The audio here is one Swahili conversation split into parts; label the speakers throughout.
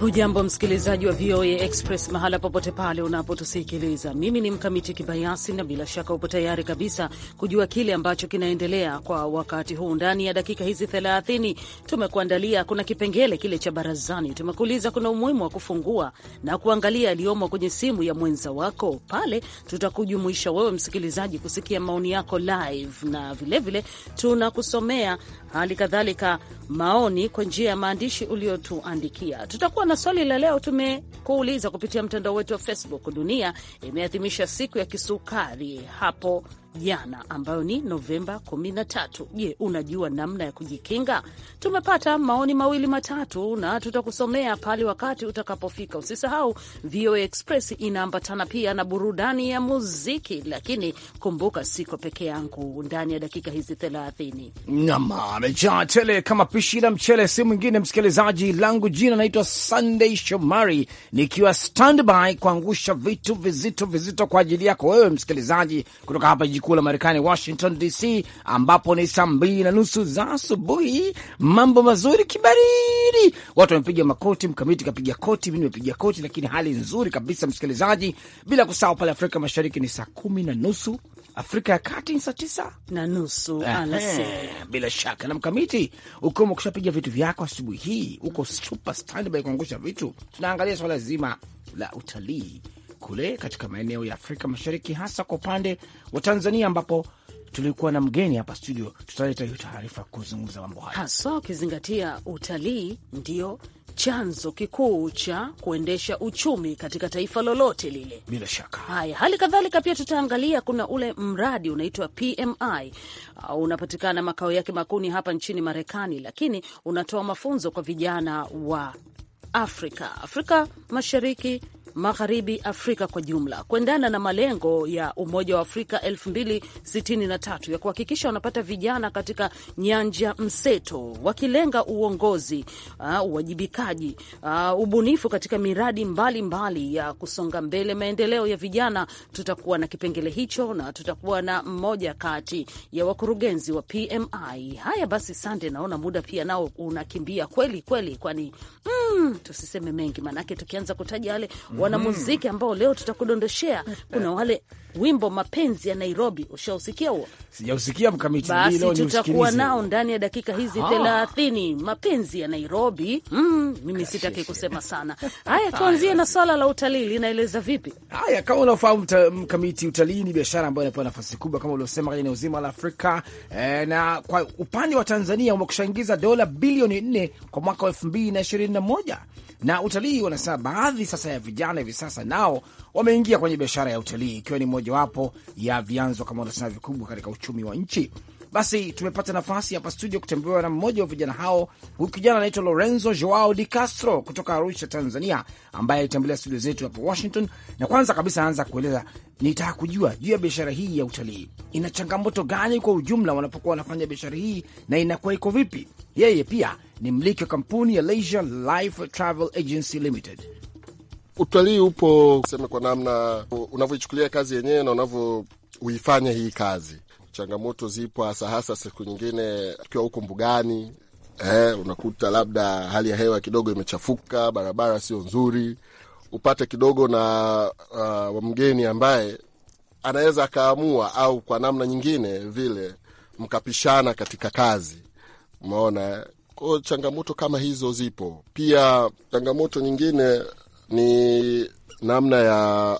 Speaker 1: Hujambo msikilizaji wa VOA Express mahala popote pale unapotusikiliza. Mimi ni Mkamiti Kibayasi, na bila shaka upo tayari kabisa kujua kile ambacho kinaendelea kwa wakati huu. Ndani ya dakika hizi thelathini tumekuandalia, kuna kipengele kile cha barazani. Tumekuuliza, kuna umuhimu wa kufungua na kuangalia yaliyomo kwenye simu ya mwenza wako? Pale tutakujumuisha wewe msikilizaji kusikia maoni yako live, na vilevile tunakusomea hali kadhalika maoni kwa njia ya maandishi uliotuandikia. Tutakuwa na swali la leo tumekuuliza kupitia mtandao wetu wa Facebook. Dunia imeadhimisha siku ya kisukari hapo jana ambayo ni Novemba 13. Je, unajua namna ya kujikinga? Tumepata maoni mawili matatu na tutakusomea pale wakati utakapofika. Usisahau VOA Express inaambatana pia na burudani ya muziki, lakini kumbuka, siko peke yangu ndani ya dakika hizi 30.
Speaker 2: Nyama amejaa tele kama pishi la mchele, si mwingine msikilizaji. Langu jina naitwa Sunday Shomari, nikiwa standby kuangusha vitu vizito vizito kwa ajili yako wewe msikilizaji kutoka hapa jiji kuu la Marekani, Washington DC, ambapo ni saa mbili na nusu za asubuhi. Mambo mazuri kibaridi, watu wamepiga makoti, Mkamiti kapiga koti, mi nimepiga koti, lakini hali nzuri kabisa, msikilizaji, bila kusahau pale Afrika Mashariki ni saa kumi na nusu Afrika ya Kati ni saa tisa na nusu bila shaka. Na Mkamiti, ukiwa umekushapiga vitu vyako asubuhi hii, uko super standby kuangusha vitu, tunaangalia swala zima la utalii kule katika maeneo ya Afrika Mashariki, hasa kwa upande wa Tanzania ambapo tulikuwa na mgeni hapa studio, tutaleta hiyo taarifa kuzungumza mambo hayo
Speaker 1: haswa ukizingatia utalii ndio chanzo kikuu cha kuendesha uchumi katika taifa lolote lile. Bila shaka haya, hali kadhalika pia tutaangalia, kuna ule mradi unaitwa PMI uh, ah, unapatikana makao yake makuu ni hapa nchini Marekani, lakini unatoa mafunzo kwa vijana wa Afrika Afrika Mashariki magharibi Afrika kwa jumla kuendana na malengo ya Umoja wa Afrika 2063 ya kuhakikisha wanapata vijana katika nyanja mseto, wakilenga uongozi, uh, uwajibikaji, uh, ubunifu katika miradi mbalimbali mbali ya kusonga mbele maendeleo ya vijana. Tutakuwa na kipengele hicho na tutakuwa na mmoja kati ya wakurugenzi wa PMI. Haya basi, Sande, naona muda pia nao unakimbia kweli kweli, kwani mm, tusiseme mengi, maanake tukianza kutaja yale Mm-hmm. wanamuziki ambao leo tutakudondoshea. Kuna eh. wale wimbo mapenzi ya Nairobi, ushausikia huo?
Speaker 2: Sijausikia mkamiti. Basi tutakuwa nao
Speaker 1: ndani ya dakika hizi thelathini. Mapenzi ya Nairobi. Mm, mimi sitaki kusema sana. Haya, tuanzie na swala la utalii, linaeleza vipi?
Speaker 2: Haya, kama unaofahamu mkamiti, utalii ni biashara ambayo inapewa nafasi kubwa kama uliosema kwenye eneo zima la Afrika e, na kwa upande wa Tanzania umekushaingiza dola bilioni nne kwa mwaka wa elfu mbili na ishirini na moja na utalii. Wanasema baadhi sasa ya vijana hivi sasa nao wameingia kwenye biashara ya utalii, ikiwa ni mojawapo ya vyanzo kama wanasema vikubwa katika uchumi wa nchi. Basi tumepata nafasi hapa studio kutembewa na mmoja wa vijana hao. Huyu kijana anaitwa Lorenzo Joao Di Castro kutoka Arusha, Tanzania, ambaye alitembelea studio zetu hapa Washington, na kwanza kabisa anaanza kueleza, nitaka kujua juu ya biashara hii ya utalii ina changamoto gani kwa ujumla wanapokuwa wanafanya biashara hii na inakuwa iko vipi? Yeye pia ni mmiliki wa kampuni ya Leisure Life Travel Agency Limited.
Speaker 3: Utalii upo useme kwa namna unavyoichukulia kazi yenyewe na unavyoifanya hii kazi, changamoto zipo, hasa hasa siku nyingine tukiwa huko mbugani eh, unakuta labda hali ya hewa kidogo imechafuka, barabara sio nzuri, upate kidogo na uh, mgeni ambaye anaweza akaamua au kwa namna nyingine vile mkapishana katika kazi Umeona, eh? ko changamoto kama hizo zipo. Pia changamoto nyingine ni namna ya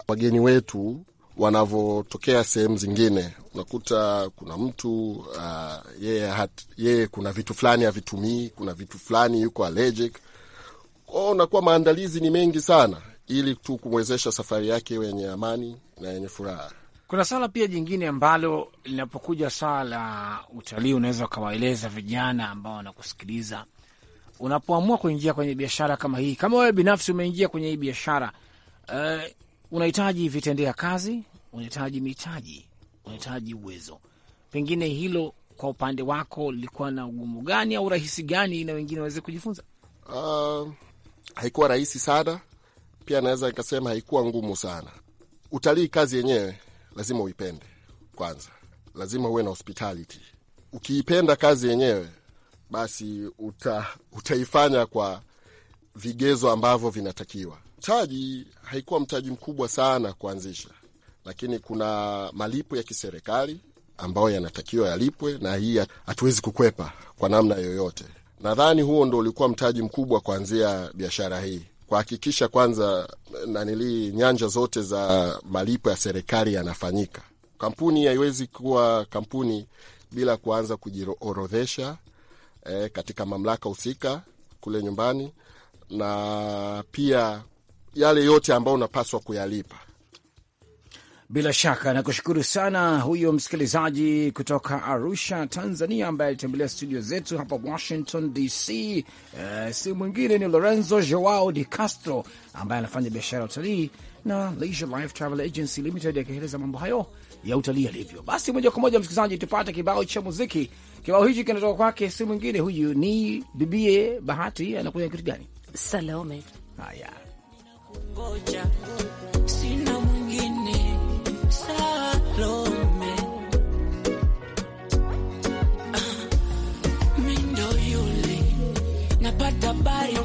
Speaker 3: wageni wetu wanavyotokea sehemu zingine. Unakuta kuna mtu uh, yeye, ye, kuna vitu fulani havitumii, kuna vitu fulani yuko allergic ko unakuwa maandalizi ni mengi sana, ili tu kumwezesha safari yake wenye yenye amani na yenye furaha.
Speaker 2: Kuna sala pia jingine ambalo linapokuja swala la utalii, unaweza
Speaker 3: ukawaeleza vijana ambao wanakusikiliza, unapoamua
Speaker 2: kuingia kwenye biashara kama hii, kama wewe binafsi umeingia kwenye hii biashara uh, unahitaji vitendea kazi, unahitaji mitaji, unahitaji uwezo. Pengine hilo kwa upande wako lilikuwa na ugumu gani au rahisi gani, na wengine waweze kujifunza?
Speaker 3: Uh, haikuwa rahisi sana, pia naweza nikasema haikuwa ngumu sana. Utalii kazi yenyewe lazima uipende kwanza, lazima uwe na hospitality. Ukiipenda kazi yenyewe, basi uta, utaifanya kwa vigezo ambavyo vinatakiwa. Mtaji haikuwa mtaji mkubwa sana kuanzisha, lakini kuna malipo ya kiserikali ambayo yanatakiwa yalipwe, na hii hatuwezi kukwepa kwa namna yoyote. Nadhani huo ndo ulikuwa mtaji mkubwa kuanzia biashara hii kuhakikisha kwanza nanili nyanja zote za malipo ya serikali yanafanyika. Kampuni haiwezi kuwa kampuni bila kuanza kujiorodhesha e, katika mamlaka husika kule nyumbani, na pia yale yote ambayo unapaswa kuyalipa
Speaker 2: bila shaka nakushukuru sana huyo msikilizaji kutoka Arusha, Tanzania, ambaye alitembelea studio zetu hapa Washington DC. Uh, eh, si mwingine ni Lorenzo Joao de Castro ambaye anafanya biashara ya utalii na Leisure Life Travel Agency Limited, akieleza mambo hayo ya utalii alivyo. Basi moja kwa moja msikilizaji, tupate kibao cha muziki. Kibao hichi kinatoka kwake, si mwingine huyu ni bibie Bahati. Anakuja kitu gani?
Speaker 1: Salome.
Speaker 2: Haya.
Speaker 4: Salome. Ah, mimi ndo yule napata habari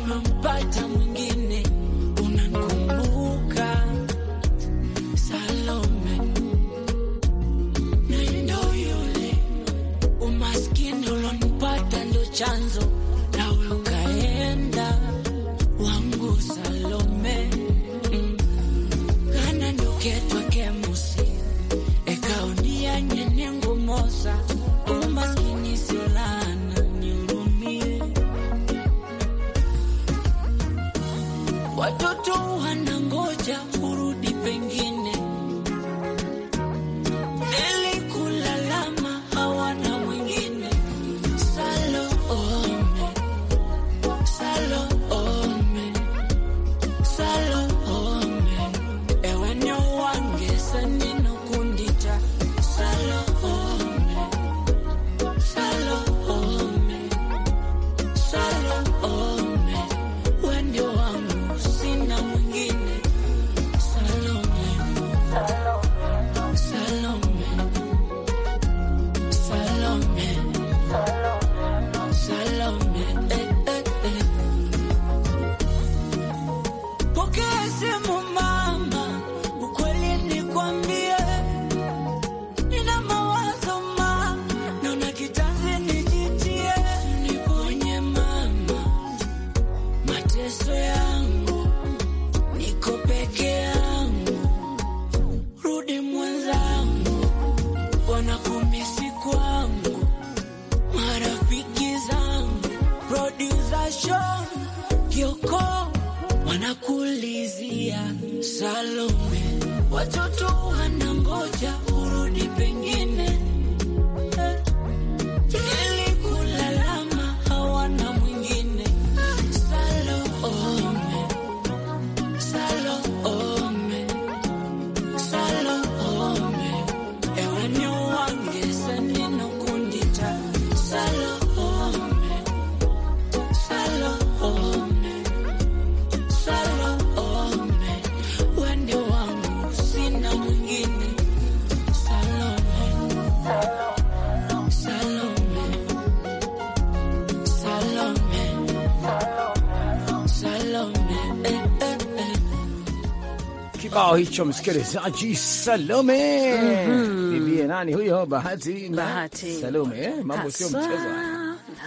Speaker 2: kibao hicho msikilizaji, Salome. Mm -hmm. Bibie nani huyo? Bahati na Salome, eh? Mambo sio mchezo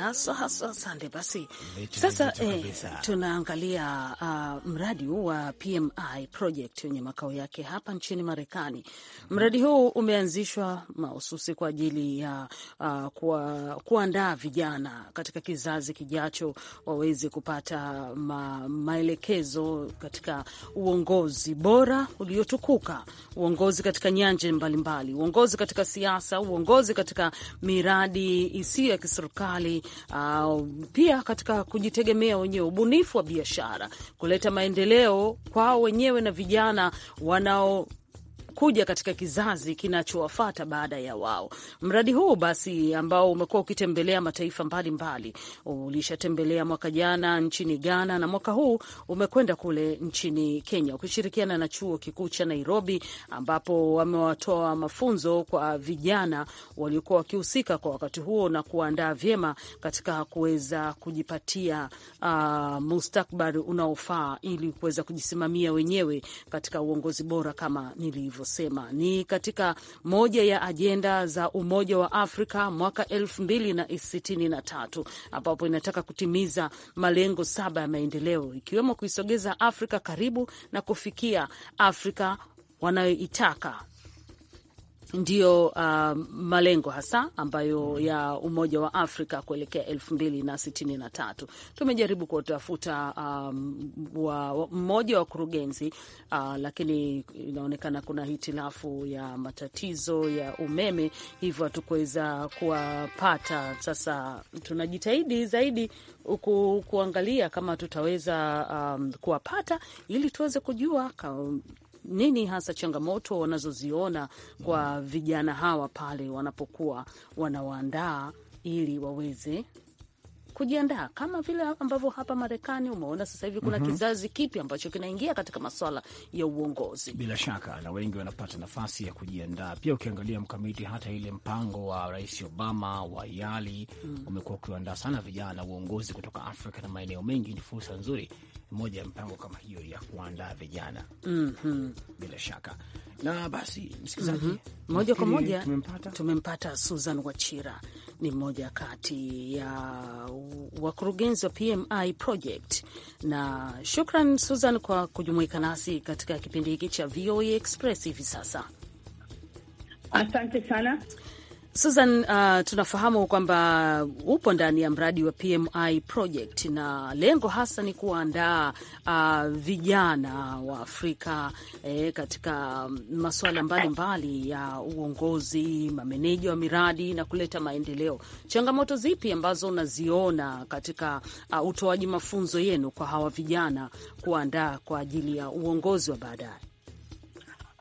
Speaker 1: haswa haswa. Asante. Basi sasa eh, tunaangalia uh, mradi huu wa PMI project wenye makao yake hapa nchini Marekani. Mhm. Mradi huu umeanzishwa mahususi kwa ajili ya uh, kuandaa vijana katika kizazi kijacho waweze kupata ma, maelekezo katika uongozi bora uliotukuka, uongozi katika nyanja mbalimbali, uongozi katika siasa, uongozi katika miradi isiyo ya kiserikali uh, pia katika kujitegemea wenyewe, ubunifu wa biashara, kuleta maendeleo kwao wenyewe na vijana wanao kuja katika kizazi kinachowafata baada ya wao. Mradi huu basi ambao umekuwa ukitembelea mataifa mbalimbali, ulishatembelea mwaka jana nchini Ghana na mwaka huu umekwenda kule nchini Kenya ukishirikiana na chuo kikuu cha Nairobi, ambapo wamewatoa mafunzo kwa vijana waliokuwa wakihusika kwa wakati huo na kuandaa vyema katika kuweza kujipatia uh, mustakbali unaofaa ili kuweza kujisimamia wenyewe katika uongozi bora kama nilivyo alivyosema ni katika moja ya ajenda za Umoja wa Afrika mwaka elfu mbili na sitini na tatu ambapo inataka kutimiza malengo saba ya maendeleo ikiwemo kuisogeza Afrika karibu na kufikia Afrika wanayoitaka ndiyo uh, malengo hasa ambayo mm. ya Umoja wa Afrika kuelekea elfu mbili na sitini na tatu. Tumejaribu kuwatafuta mmoja um, wa, wakurugenzi kurugenzi uh, lakini inaonekana kuna hitilafu ya matatizo ya umeme, hivyo hatukuweza kuwapata. Sasa tunajitahidi zaidi uku, kuangalia kama tutaweza um, kuwapata ili tuweze kujua nini hasa changamoto wanazoziona kwa vijana hawa pale wanapokuwa wanawaandaa ili waweze kujiandaa kama vile ambavyo hapa Marekani umeona sasa hivi kuna mm -hmm. kizazi kipya ambacho kinaingia katika maswala ya
Speaker 2: uongozi. Bila shaka na wengi wanapata nafasi ya kujiandaa pia. Ukiangalia mkamiti, hata ile mpango wa Rais Obama wa YALI mm. umekuwa ukiandaa sana vijana uongozi kutoka Afrika na maeneo mengi. Ni fursa nzuri moja ya mpango kama hiyo ya kuandaa vijana
Speaker 1: mm -hmm.
Speaker 2: bila shaka na basi, msikilizaji, mhm. moja kwa moja tumempata Susan Wachira
Speaker 1: ni mmoja kati ya wakurugenzi wa PMI Project. Na shukran Susan kwa kujumuika nasi katika kipindi hiki cha VOA Express hivi sasa. Asante sana. Susan, uh, tunafahamu kwamba upo ndani ya mradi wa PMI project na lengo hasa ni kuandaa uh, vijana wa Afrika eh, katika masuala mbalimbali ya uongozi, mameneja wa miradi na kuleta maendeleo. Changamoto zipi ambazo unaziona katika uh, utoaji mafunzo yenu kwa hawa vijana kuandaa kwa ajili ya uongozi wa baadaye?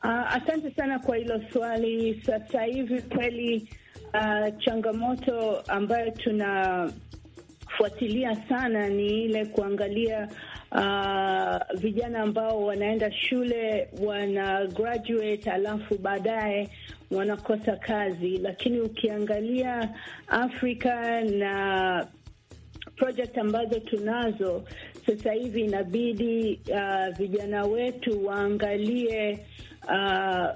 Speaker 5: Uh, asante sana kwa hilo swali. Sasa hivi kweli, uh, changamoto ambayo tunafuatilia sana ni ile kuangalia uh, vijana ambao wanaenda shule wana graduate alafu baadaye wanakosa kazi, lakini ukiangalia Afrika na project ambazo tunazo sasa hivi inabidi uh, vijana wetu waangalie uh,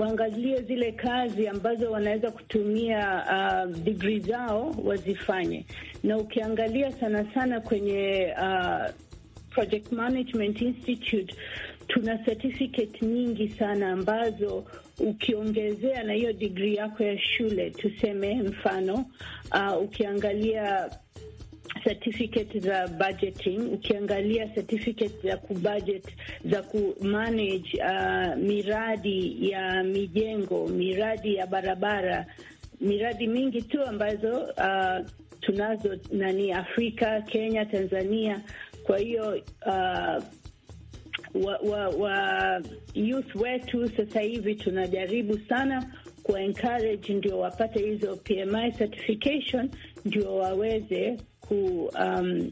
Speaker 5: waangalie zile kazi ambazo wanaweza kutumia uh, digri zao wazifanye, na ukiangalia sana sana kwenye uh, Project Management Institute tuna certificate nyingi sana ambazo ukiongezea na hiyo digri yako ya shule, tuseme mfano uh, ukiangalia certificate za budgeting, ukiangalia certificate za kubudget za kumanage uh, miradi ya mijengo, miradi ya barabara, miradi mingi tu ambazo uh, tunazo nani Afrika, Kenya, Tanzania. Kwa hiyo uh, wa, wa, wa youth wetu sasa hivi tunajaribu sana kuwa encourage ndio wapate hizo PMI certification ndio waweze ku um,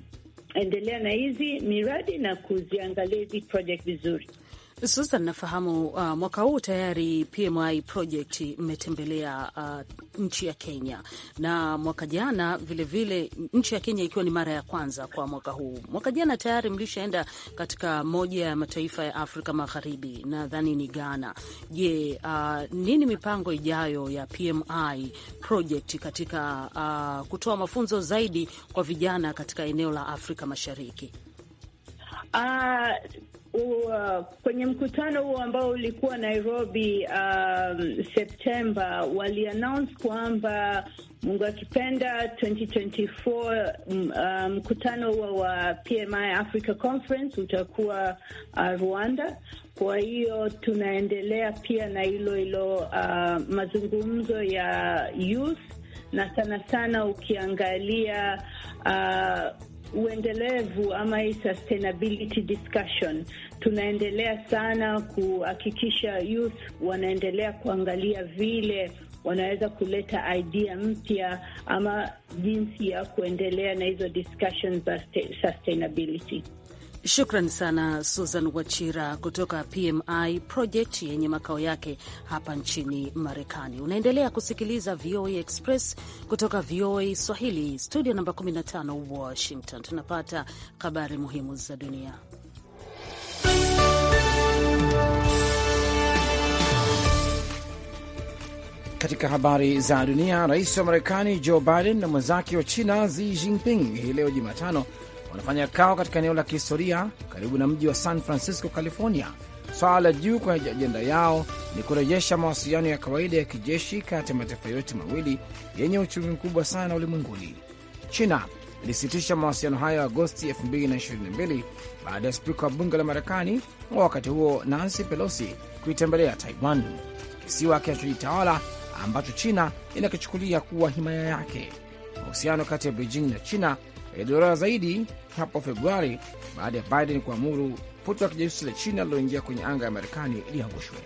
Speaker 5: endelea
Speaker 1: na hizi miradi na kuziangalia hizi project vizuri. Susan, nafahamu uh, mwaka huu tayari PMI project mmetembelea uh, nchi ya Kenya na mwaka jana vilevile, nchi ya Kenya ikiwa ni mara ya kwanza kwa mwaka huu. Mwaka jana tayari mlishaenda katika moja ya mataifa ya Afrika Magharibi, nadhani ni Ghana. Je, uh, nini mipango ijayo ya PMI project katika uh, kutoa mafunzo zaidi kwa vijana katika eneo la Afrika Mashariki?
Speaker 5: Uh, Uh, kwenye mkutano huo ambao ulikuwa Nairobi uh, um, Septemba walianounce kwamba Mungu akipenda 2024 uh, mkutano um, huo wa wa PMI Africa Conference utakuwa uh, Rwanda. Kwa hiyo tunaendelea pia na hilo hilo uh, mazungumzo ya youth na sana sana ukiangalia uh, uendelevu ama hii sustainability discussion tunaendelea sana kuhakikisha youth wanaendelea kuangalia vile wanaweza kuleta idea mpya ama jinsi ya kuendelea na hizo discussions za
Speaker 1: sustainability. Shukran sana Susan Wachira kutoka PMI Project yenye makao yake hapa nchini Marekani. Unaendelea kusikiliza VOA Express kutoka VOA Swahili, studio namba 15 Washington. Tunapata habari muhimu za dunia.
Speaker 2: Katika habari za dunia, rais wa Marekani Joe Biden na mwenzake wa China Xi Jinping hii leo Jumatano wanafanya kao katika eneo la kihistoria karibu na mji wa San Francisco, California. Swala la juu kwenye ajenda yao ni kurejesha mawasiliano ya kawaida ya kijeshi kati ya mataifa yote mawili yenye uchumi mkubwa sana ulimwenguni. China ilisitisha mawasiliano hayo Agosti 2022 baada ya spika wa bunge la Marekani wa wakati huo Nancy Pelosi kuitembelea Taiwan, kisiwa kinachojitawala ambacho China inakichukulia kuwa himaya yake. Mahusiano kati ya Beijing na China ilidorora zaidi hapo Februari baada ya Biden kuamuru puto la kijeshi la China liloingia kwenye anga ya Marekani liangushwe.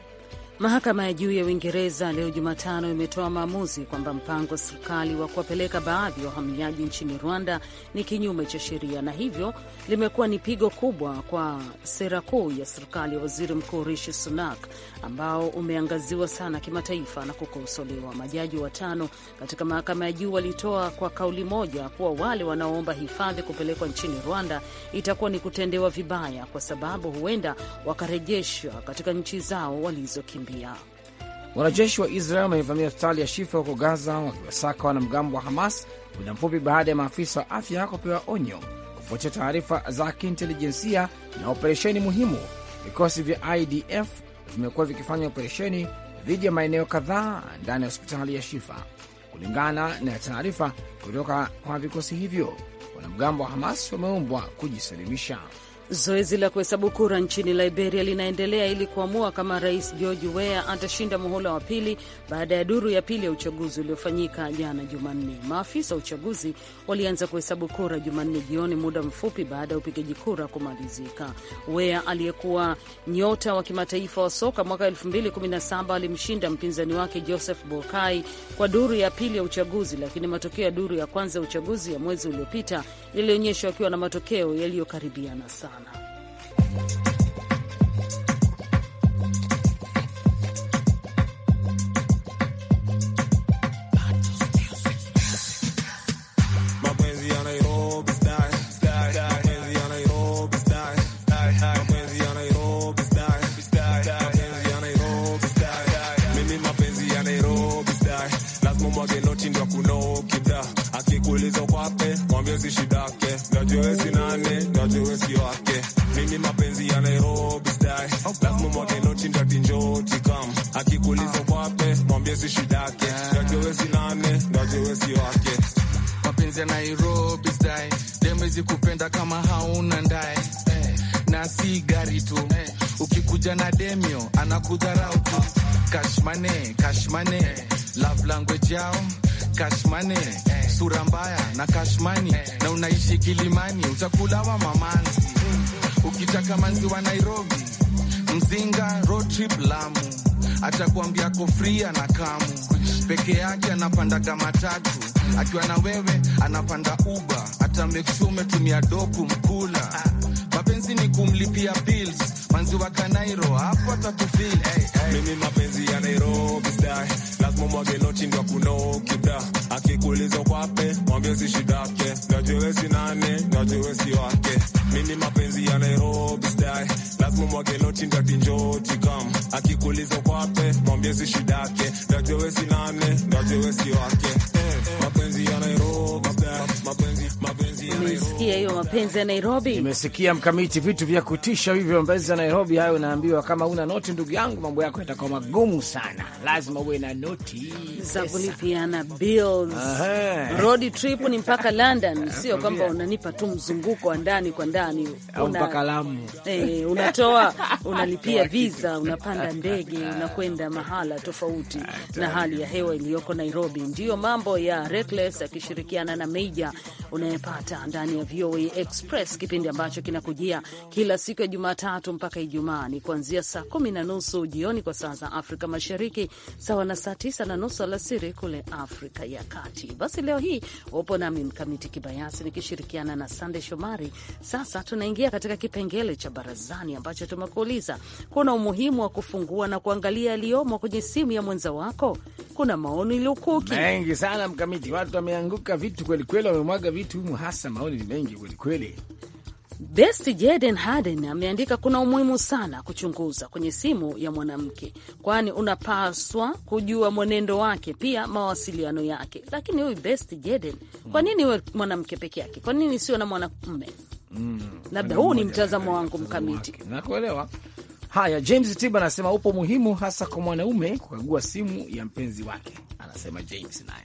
Speaker 1: Mahakama ya juu ya Uingereza leo Jumatano imetoa maamuzi kwamba mpango wa serikali wa kuwapeleka baadhi ya wahamiaji nchini Rwanda ni kinyume cha sheria, na hivyo limekuwa ni pigo kubwa kwa sera kuu ya serikali ya waziri mkuu Rishi Sunak, ambao umeangaziwa sana kimataifa na kukosolewa. Majaji watano katika mahakama ya juu walitoa kwa kauli moja kuwa wale wanaoomba hifadhi kupelekwa nchini Rwanda itakuwa ni kutendewa vibaya, kwa sababu huenda wakarejeshwa katika nchi zao
Speaker 2: walizokimbia. Colombia. Wanajeshi wa Israel wamevamia hospitali ya Shifa huko Gaza, wakiwasaka wanamgambo wa Hamas muda mfupi baada ya maafisa wa afya kupewa onyo kufuatia taarifa za kiintelijensia na operesheni muhimu. Vikosi vya IDF vimekuwa vikifanya operesheni dhidi ya maeneo kadhaa ndani ya hospitali ya Shifa. Kulingana na taarifa kutoka kwa vikosi hivyo, wanamgambo wa Hamas wameombwa kujisalimisha.
Speaker 1: Zoezi la kuhesabu kura nchini Liberia linaendelea ili kuamua kama rais George Weah atashinda muhula wa pili baada ya duru ya pili ya uchaguzi uliofanyika jana Jumanne. Maafisa wa uchaguzi walianza kuhesabu kura Jumanne jioni, muda mfupi baada ya upigaji kura kumalizika. Weah aliyekuwa nyota wa kimataifa wa soka mwaka 2017 alimshinda mpinzani wake Joseph Boakai kwa duru ya pili ya uchaguzi, lakini matokeo ya duru ya kwanza ya uchaguzi ya mwezi uliopita yalionyeshwa akiwa na matokeo yaliyokaribiana sana kuonana.
Speaker 6: money, cash money, love language yao cash money, sura mbaya na cash money, na unaishi Kilimani utakulawa mamanzi ukitaka manzi wa Nairobi, Mzinga, road trip Lamu, atakuambia ko free na kamu peke yake anapanda gamatatu akiwa na wewe anapanda uba hata make umetumia doku mkula
Speaker 7: mapenzi ni kumlipia bills manzi wa Kanairo hapo atatufili
Speaker 2: ya Nairobi. Nimesikia mkamiti vitu vya kutisha hivyo, mbezi za Nairobi. Hayo unaambiwa kama una noti, ndugu yangu, mambo yako yatakuwa magumu sana, lazima uwe na noti za kulipiana bills.
Speaker 1: Road trip ni mpaka London, eh, sio kwamba unanipa tu mzunguko wa ndani kwa ndani au mpaka Lamu. Eh, unatoa unalipia visa, unapanda ndege, unakwenda mahala tofauti na hali ya hewa iliyoko Nairobi. Ndiyo mambo ya Reckless akishirikiana na Major unayepata ndani ya VOA Express, kipindi ambacho kinakujia kila siku ya Jumatatu mpaka Ijumaa ni kuanzia saa kumi na nusu jioni kwa saa za Afrika Mashariki, sawa na saa tisa na nusu alasiri kule Afrika ya Kati. Basi leo hii upo nami Mkamiti Kibayasi nikishirikiana na Sande Shomari. Sasa tunaingia katika kipengele cha barazani ambacho tumekuuliza, kuna umuhimu wa kufungua na kuangalia yaliyomo kwenye simu ya mwenza wako? Kuna maoni lukuki mengi sana Mkamiti,
Speaker 2: watu wameanguka vitu kwelikweli, wamemwaga vitu humu, hasa maoni ni mengi kwelikweli.
Speaker 1: Best Jaden Harden ameandika kuna umuhimu sana kuchunguza kwenye simu ya mwanamke, kwani unapaswa kujua mwenendo wake, pia mawasiliano yake. Lakini huyu Best Jaden, kwa nini we mwanamke peke yake? Kwa nini sio na mwanamume?
Speaker 2: Mm, labda huu ni mtazamo eh, wangu mkamiti, nakuelewa Haya, James Tiba anasema upo muhimu hasa kwa mwanaume kukagua simu ya mpenzi wake, anasema James. Naye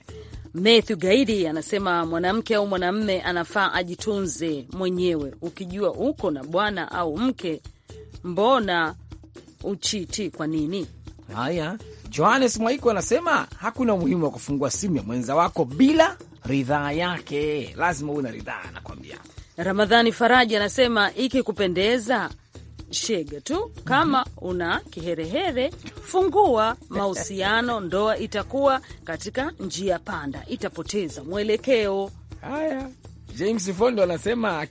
Speaker 2: Methu
Speaker 1: Gaidi anasema mwanamke au mwanamme anafaa ajitunze mwenyewe. Ukijua uko na bwana au mke, mbona uchiti? Kwa nini?
Speaker 2: Haya, Johannes Mwaiko anasema hakuna umuhimu wa kufungua simu ya mwenza wako bila ridhaa yake, lazima uwe na ridhaa, anakwambia.
Speaker 1: Ramadhani Faraji anasema ikikupendeza shege tu. Kama una kiherehere, fungua mahusiano, ndoa itakuwa katika njia panda,
Speaker 2: itapoteza mwelekeo. Haya, James Fondo anasema,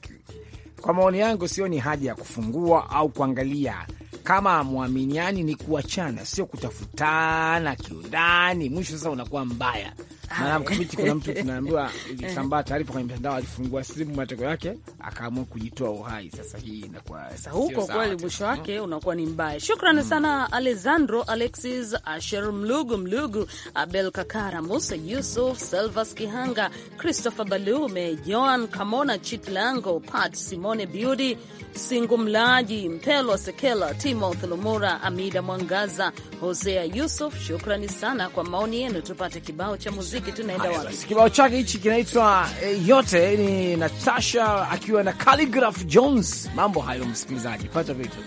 Speaker 2: kwa maoni yangu sio ni haja ya kufungua au kuangalia kama mwaminiani ni kuachana, sio kutafutana kiundani. Mwisho sasa unakuwa mbaya. Maana mkamiti, kuna mtu tunaambiwa ilisambaa eh. taarifa kwenye mitandao, alifungua simu, matokeo yake akaamua kujitoa uhai. Sasa hii inakuwa sasa, huko kweli mwisho
Speaker 1: wake mm. unakuwa ni mbaya. shukran mm. sana Alexandro Alexis, Asher Mlugu Mlugu, Abel Kakara, Musa Yusuf, Selvas Kihanga, Christopher Balume, Joan Kamona, Chitlango Pat, Simone Beauty, Singumlaji Mpelo Sekela Timoth Lumura, Amida Mwangaza, Hosea Yusuf. Shukrani sana kwa maoni yenu. Tupate kibao cha muziki, tunaenda wapi?
Speaker 2: Kibao chake hichi kinaitwa e, yote ni Natasha akiwa na Calligraph Jones. Mambo hayo msikilizaji, pata vitu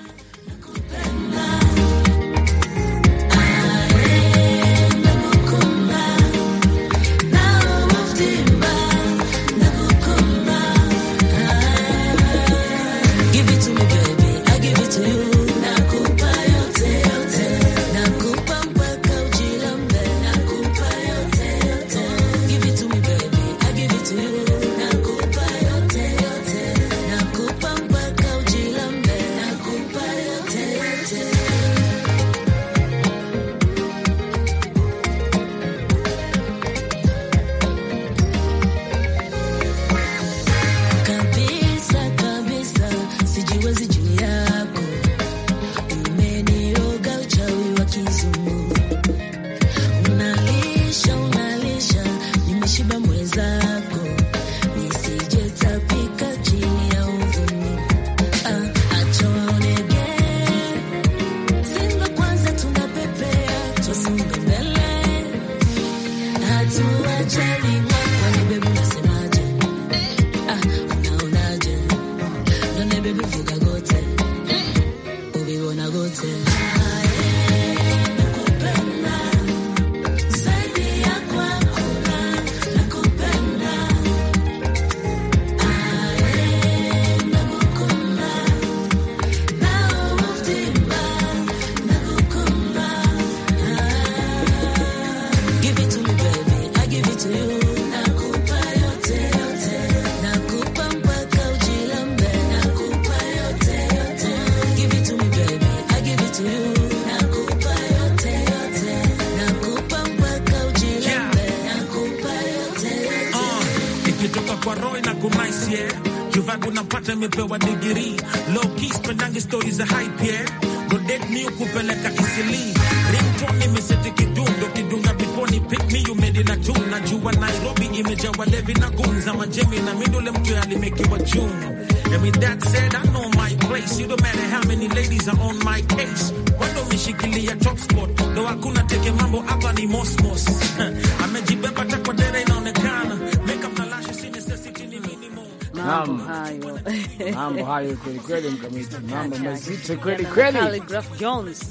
Speaker 2: Mambo hayo mambo hayo kweli kweli, mkamiti mambo mazito kweli kweli,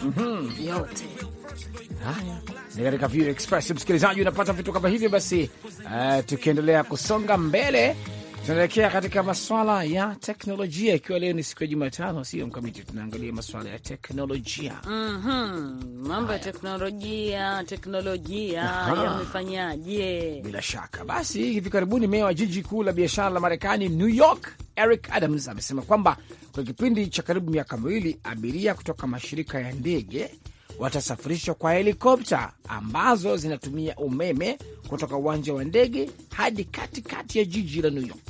Speaker 1: mhm. yote
Speaker 2: haya ni katika View Express. Msikilizaji, unapata vitu kama hivyo. Basi uh, tukiendelea kusonga mbele Tunaelekea katika maswala ya teknolojia, ikiwa leo ni siku ya Jumatano, sio Mkamiti? Tunaangalia maswala ya teknolojia
Speaker 1: mm -hmm. mambo ya teknolojia, teknolojia yamefanyaje?
Speaker 2: Bila shaka basi, hivi karibuni meya wa jiji kuu la biashara la Marekani, New York, Eric Adams amesema kwamba kwa kipindi cha karibu miaka miwili abiria kutoka mashirika ya ndege watasafirishwa kwa helikopta ambazo zinatumia umeme kutoka uwanja wa ndege hadi katikati kati ya jiji la New York.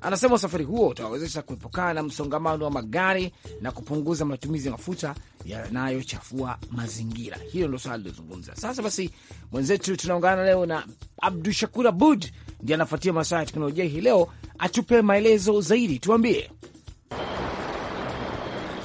Speaker 2: Anasema usafiri huo utawawezesha kuepukana na msongamano wa magari na kupunguza matumizi ya mafuta yanayochafua mazingira. Hilo ndo swala lilozungumza. Sasa basi, mwenzetu tunaungana leo na Abdu Shakur Abud, ndiye anafuatia masuala ya teknolojia hii leo, atupe maelezo zaidi. Tuambie.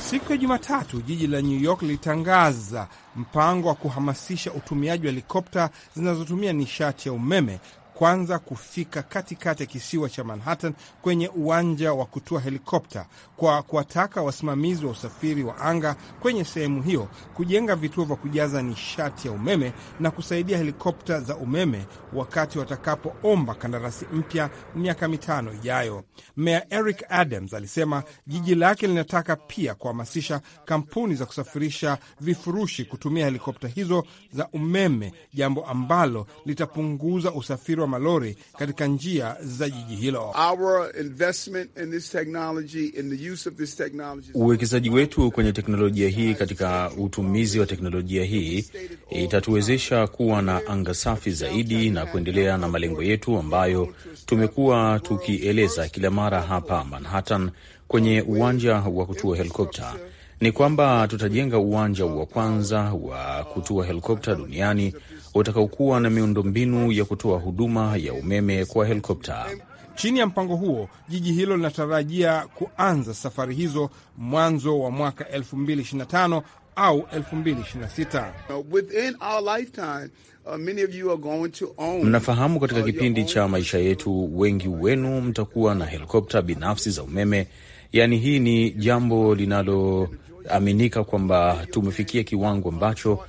Speaker 7: Siku ya Jumatatu, jiji la New York lilitangaza mpango wa kuhamasisha utumiaji wa helikopta zinazotumia nishati ya umeme kwanza kufika katikati ya kisiwa cha Manhattan kwenye uwanja wa kutua helikopta kwa kuwataka wasimamizi wa usafiri wa anga kwenye sehemu hiyo kujenga vituo vya kujaza nishati ya umeme na kusaidia helikopta za umeme wakati watakapoomba kandarasi mpya miaka mitano ijayo. Meya Eric Adams alisema jiji lake linataka pia kuhamasisha kampuni za kusafirisha vifurushi kutumia helikopta hizo za umeme, jambo ambalo litapunguza usafiri wa malori katika njia za jiji hilo.
Speaker 6: Uwekezaji wetu kwenye teknolojia hii, katika utumizi wa teknolojia hii, itatuwezesha kuwa na anga safi zaidi na kuendelea na malengo yetu ambayo tumekuwa tukieleza kila mara hapa Manhattan kwenye uwanja wa kutua helikopta ni kwamba tutajenga uwanja wa kwanza wa kutua helikopta duniani utakaokuwa na miundombinu ya kutoa huduma ya umeme kwa helikopta.
Speaker 7: Chini ya mpango huo, jiji hilo linatarajia kuanza safari hizo mwanzo wa mwaka 2025 au 2026. Uh, Mnafahamu, katika uh, kipindi
Speaker 6: cha maisha yetu wengi wenu mtakuwa na helikopta binafsi za umeme. Yaani, hii ni jambo linaloaminika kwamba tumefikia kiwango ambacho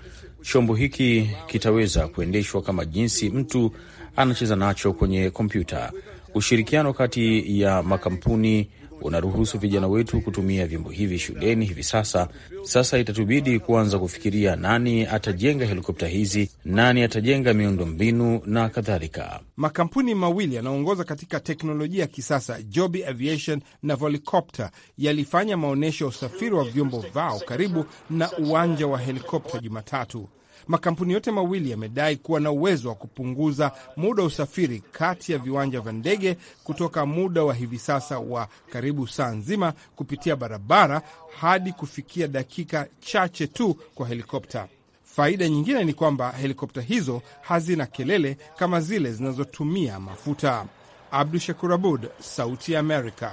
Speaker 6: chombo hiki kitaweza kuendeshwa kama jinsi mtu anacheza nacho kwenye kompyuta. Ushirikiano kati ya makampuni unaruhusu vijana wetu kutumia vyombo hivi shuleni hivi sasa. Sasa itatubidi kuanza kufikiria nani atajenga helikopta hizi, nani atajenga miundo mbinu na kadhalika.
Speaker 7: Makampuni mawili yanayoongoza katika teknolojia ya kisasa Joby Aviation na Volicopter yalifanya maonyesho ya usafiri wa vyombo vao karibu na uwanja wa helikopta Jumatatu. Makampuni yote mawili yamedai kuwa na uwezo wa kupunguza muda wa usafiri kati ya viwanja vya ndege kutoka muda wa hivi sasa wa karibu saa nzima kupitia barabara hadi kufikia dakika chache tu kwa helikopta. Faida nyingine ni kwamba helikopta hizo hazina kelele kama zile zinazotumia mafuta. Abdu Shakur Abud, Sauti ya Amerika.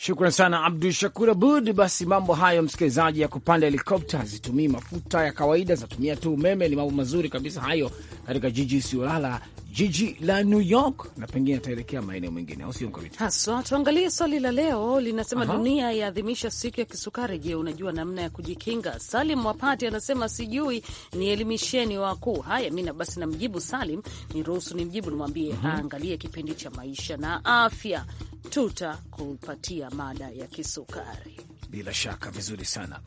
Speaker 7: Shukran sana
Speaker 2: Abdu Shakur Abud. Basi mambo hayo, msikilizaji, ya kupanda helikopta zitumii mafuta ya kawaida, zinatumia tu umeme. Ni mambo mazuri kabisa hayo, katika jiji isiyolala, jiji la New York, na pengine ataelekea maeneo mengine, au sio Mkamiti?
Speaker 1: Haswa tuangalie swali la leo, linasema Aha. dunia yaadhimisha siku ya kisukari. Je, unajua namna ya kujikinga? Salim Wapati anasema sijui, nielimisheni wakuu. Haya, mi basi namjibu Salim, niruhusu nimjibu, nimwambie mhm. aangalie kipindi cha maisha na afya tutakupatia mada ya
Speaker 2: kisukari bila shaka. Vizuri sana.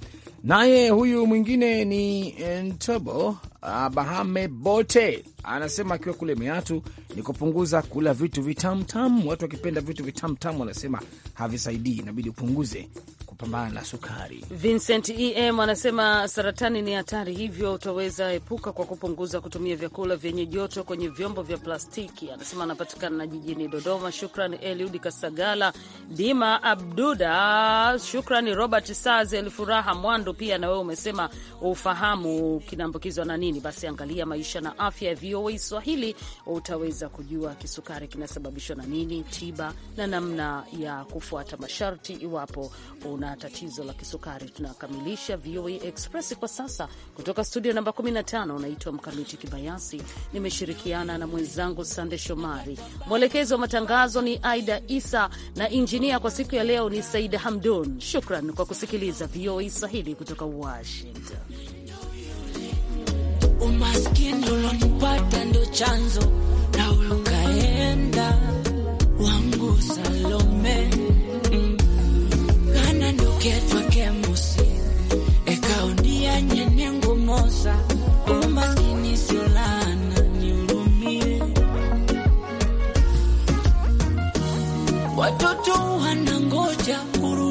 Speaker 2: Naye huyu mwingine ni Ntobo uh, Bahame Bote, anasema akiwa kule Meatu ni kupunguza kula vitu vitamtamu. Watu wakipenda vitu vitamtamu wanasema havisaidii, inabidi upunguze kupambana na sukari.
Speaker 1: Vincent em anasema saratani ni hatari, hivyo utaweza epuka kwa kupunguza kutumia vyakula vyenye joto kwenye vyombo vya plastiki. Anasema anapatikana na jijini Dodoma. Shukran Eliud Kasagala, Dima Abduda, shukrani Robert Saz Elfuraha Mwandu. Pia na wewe umesema ufahamu kinaambukizwa na nini. Basi angalia maisha na afya ya VOA Swahili, utaweza kujua kisukari kinasababishwa na nini, tiba na namna ya kufuata masharti iwapo una tatizo la kisukari. Tunakamilisha VOA Express kwa sasa kutoka studio namba 15. Unaitwa Mkamiti Kibayasi, nimeshirikiana na mwenzangu Sande Shomari. Mwelekezi wa matangazo ni Aida Isa na injinia kwa siku ya leo ni Saida Hamdun. Shukran kwa kusikiliza VOA Swahili kutoka Washington. Umaskini ulonipata ndo chanzo na
Speaker 4: wangu Salome tweke musi ekaundia nyene ngumosa umaskini sio laana, Watoto wanangoja